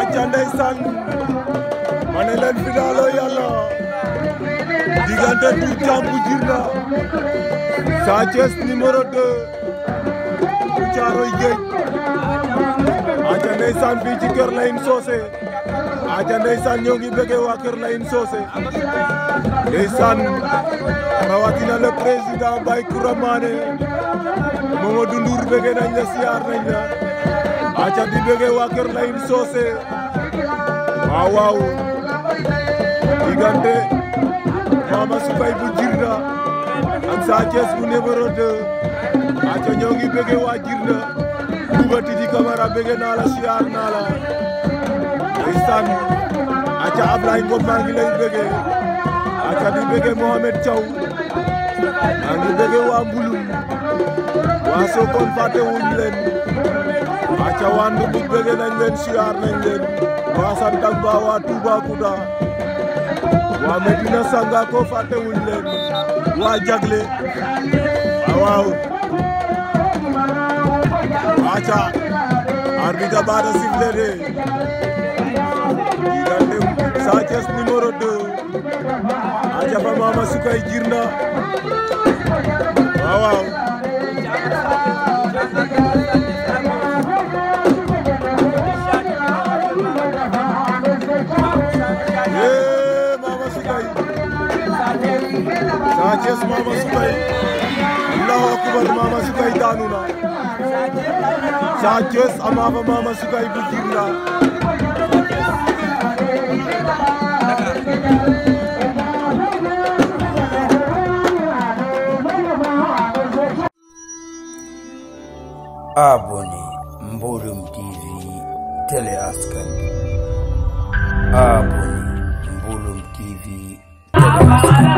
aca ndeysaan ma ne leen finaalo yàlla diggante Dour Thiam bu Djirnda Sa Thiès numéro 2 bu Caaroy Géej aca ndeysaan fii ci Kër Lahine Socé aca ndeysaan ñoo ngi bëgge waa Kër Lahine Socé ndeysaan rawatina le président Baye Koura Mané nañ la nañ la aca di bëgge waa Kër Lahine Socé waaw waaw diggante Mama Soubay bu Djirnda ak Sa Thiès bu numéro 2 aca ñoo ngi bëgge waa Djirnda Koubati di Camara bëgge naa la siyaar naa la ndeysaan aca Ablaye Ngom maa ngi lay aca di bëgge Mohamed Thiaw maa ngi bëggee waa Mbulu waa Sokone fàttewuñ leen waa Cawaan bi bëggee nañ leen siyaar nañ leen waa Santamba waa Toubacouta waa Medina Sangako fàttewuñ leen waa Jagle ah, waaw aca arbitre ba da sifflé koy jiir na waaw waaw yee eh, Mama Sukay Sa Thiès Mama Sukay Allahu akbar Mama Sukay daanu na Sa Thiès amaama Mama Sukay bu jiir na abonné Mbolum TV télé askan abonné Mbolum TV télé askan